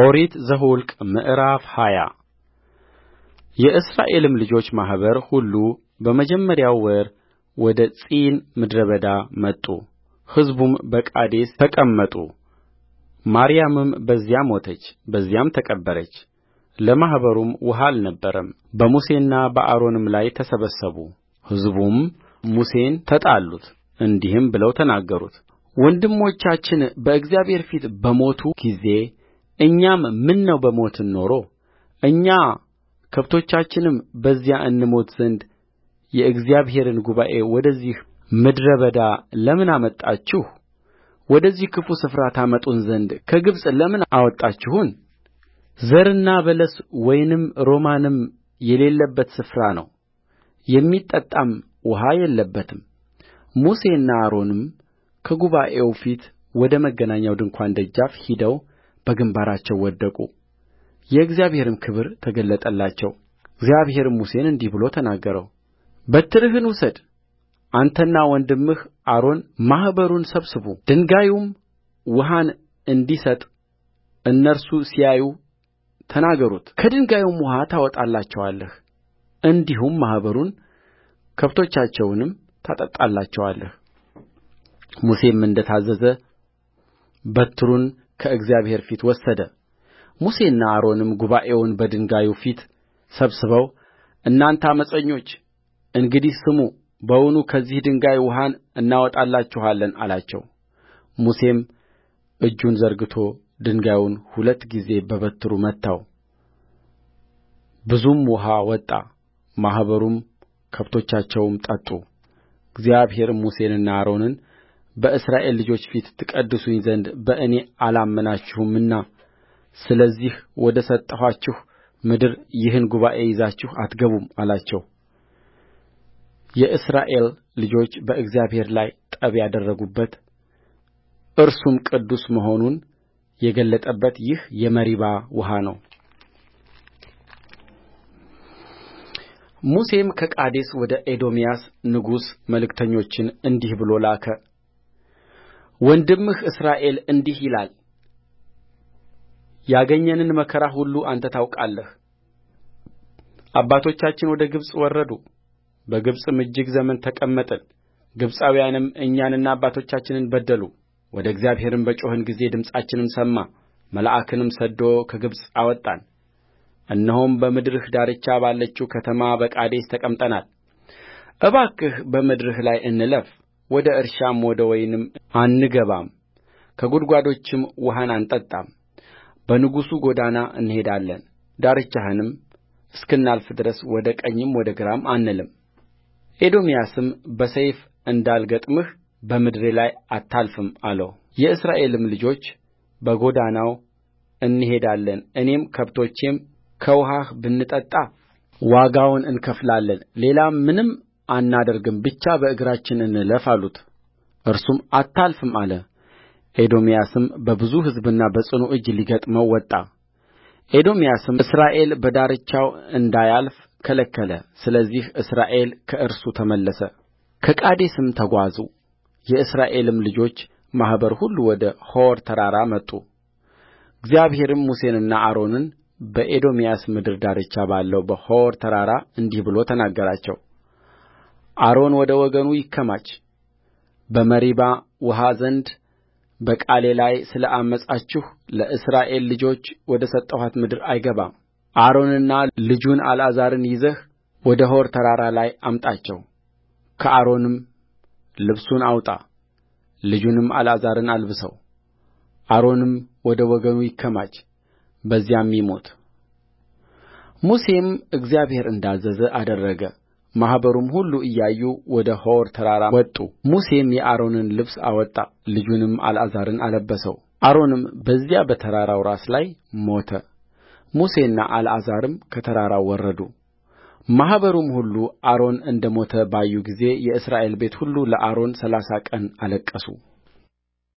ኦሪት ዘኍልቍ ምዕራፍ ሃያ የእስራኤልም ልጆች ማኅበር ሁሉ በመጀመሪያው ወር ወደ ጺን ምድረ በዳ መጡ ሕዝቡም በቃዴስ ተቀመጡ ማርያምም በዚያ ሞተች በዚያም ተቀበረች ለማኅበሩም ውኃ አልነበረም በሙሴና በአሮንም ላይ ተሰበሰቡ ሕዝቡም ሙሴን ተጣሉት እንዲህም ብለው ተናገሩት ወንድሞቻችን በእግዚአብሔር ፊት በሞቱ ጊዜ እኛም ምነው በሞትን ኖሮ እኛ ከብቶቻችንም በዚያ እንሞት ዘንድ የእግዚአብሔርን ጉባኤ ወደዚህ ምድረ በዳ ለምን አመጣችሁ ወደዚህ ክፉ ስፍራ ታመጡን ዘንድ ከግብፅ ለምን አወጣችሁን ዘርና በለስ ወይንም ሮማንም የሌለበት ስፍራ ነው የሚጠጣም ውኃ የለበትም ሙሴና አሮንም ከጉባኤው ፊት ወደ መገናኛው ድንኳን ደጃፍ ሂደው? በግምባራቸው ወደቁ የእግዚአብሔርም ክብር ተገለጠላቸው እግዚአብሔርም ሙሴን እንዲህ ብሎ ተናገረው በትርህን ውሰድ አንተና ወንድምህ አሮን ማኅበሩን ሰብስቡ ድንጋዩም ውኃን እንዲሰጥ እነርሱ ሲያዩ ተናገሩት ከድንጋዩም ውኃ ታወጣላቸዋለህ እንዲሁም ማኅበሩን ከብቶቻቸውንም ታጠጣላቸዋለህ ሙሴም እንደ ታዘዘ በትሩን ከእግዚአብሔር ፊት ወሰደ! ሙሴና አሮንም ጉባኤውን በድንጋዩ ፊት ሰብስበው እናንተ ዓመፀኞች እንግዲህ ስሙ በውኑ ከዚህ ድንጋይ ውኃን እናወጣላችኋለን ሙሴም እጁን ዘርግቶ ድንጋዩን ሁለት ጊዜ በበትሩ መታው ብዙም ውኃ ወጣ ማኅበሩም ከብቶቻቸውም ጠጡ። እግዚአብሔርም ሙሴንና አሮንን በእስራኤል ልጆች ፊት ትቀድሱኝ ዘንድ በእኔ አላመናችሁምና ስለዚህ ወደ ሰጠኋችሁ ምድር ይህን ጉባኤ ይዛችሁ አትገቡም አላቸው። የእስራኤል ልጆች በእግዚአብሔር ላይ ጠብ ያደረጉበት እርሱም ቅዱስ መሆኑን የገለጠበት ይህ የመሪባ ውኃ ነው ሙሴም ከቃዴስ ወደ ኤዶምያስ ንጉሥ መልእክተኞችን እንዲህ ብሎ ላከ ወንድምህ እስራኤል እንዲህ ይላል ያገኘንን መከራ ሁሉ አንተ ታውቃለህ አባቶቻችን ወደ ግብፅ ወረዱ በግብፅም እጅግ ዘመን ተቀመጥን ግብፃውያንም እኛንና አባቶቻችንን በደሉ ወደ እግዚአብሔርም በጮኽን ጊዜ ድምፃችንን ሰማ መልአክንም ሰድዶ ከግብፅ አወጣን እነሆም በምድርህ ዳርቻ ባለችው ከተማ በቃዴስ ተቀምጠናል እባክህ በምድርህ ላይ እንለፍ ወደ እርሻም ወደ ወይንም አንገባም ከጕድጓዶችም ውኃን አንጠጣም በንጉሡ ጐዳና እንሄዳለን ዳርቻህንም እስክናልፍ ድረስ ወደ ቀኝም ወደ ግራም አንልም። ኤዶምያስም በሰይፍ እንዳልገጥምህ በምድሬ ላይ አታልፍም አለው። የእስራኤልም ልጆች በጐዳናው እንሄዳለን እኔም ከብቶቼም ከውኃህ ብንጠጣ ዋጋውን እንከፍላለን ሌላ ምንም አናደርግም ብቻ በእግራችን እንለፍ አሉት እርሱም አታልፍም አለ ኤዶምያስም በብዙ ሕዝብና በጽኑ እጅ ሊገጥመው ወጣ ኤዶምያስም እስራኤል በዳርቻው እንዳያልፍ ከለከለ ስለዚህ እስራኤል ከእርሱ ተመለሰ ከቃዴስም ተጓዙ የእስራኤልም ልጆች ማኅበር ሁሉ ወደ ሖር ተራራ መጡ እግዚአብሔርም ሙሴንና አሮንን በኤዶምያስ ምድር ዳርቻ ባለው በሖር ተራራ እንዲህ ብሎ ተናገራቸው አሮን ወደ ወገኑ ይከማች በመሪባ ውኃ ዘንድ በቃሌ ላይ ስለ ዐመፃችሁ ለእስራኤል ልጆች ወደ ሰጠኋት ምድር አይገባም። አሮንና ልጁን አልዓዛርን ይዘህ ወደ ሖር ተራራ ላይ አምጣቸው ከአሮንም ልብሱን አውጣ ልጁንም አልዓዛርን አልብሰው አሮንም ወደ ወገኑ ይከማች በዚያም ይሞት ሙሴም እግዚአብሔር እንዳዘዘ አደረገ ማኅበሩም ሁሉ እያዩ ወደ ሖር ተራራ ወጡሙሴም የአሮንን ልብስ አወጣ ልጁንም አልዓዛርን አለበሰው አሮንም በዚያ በተራራው ራስ ላይ ሞተሙሴና አልዓዛርም ከተራራው ወረዱ ማኅበሩም ሁሉ አሮን እንደ ሞተ ባዩ ጊዜ የእስራኤል ቤት ሁሉ ለአሮን ሠላሳ ቀን አለቀሱ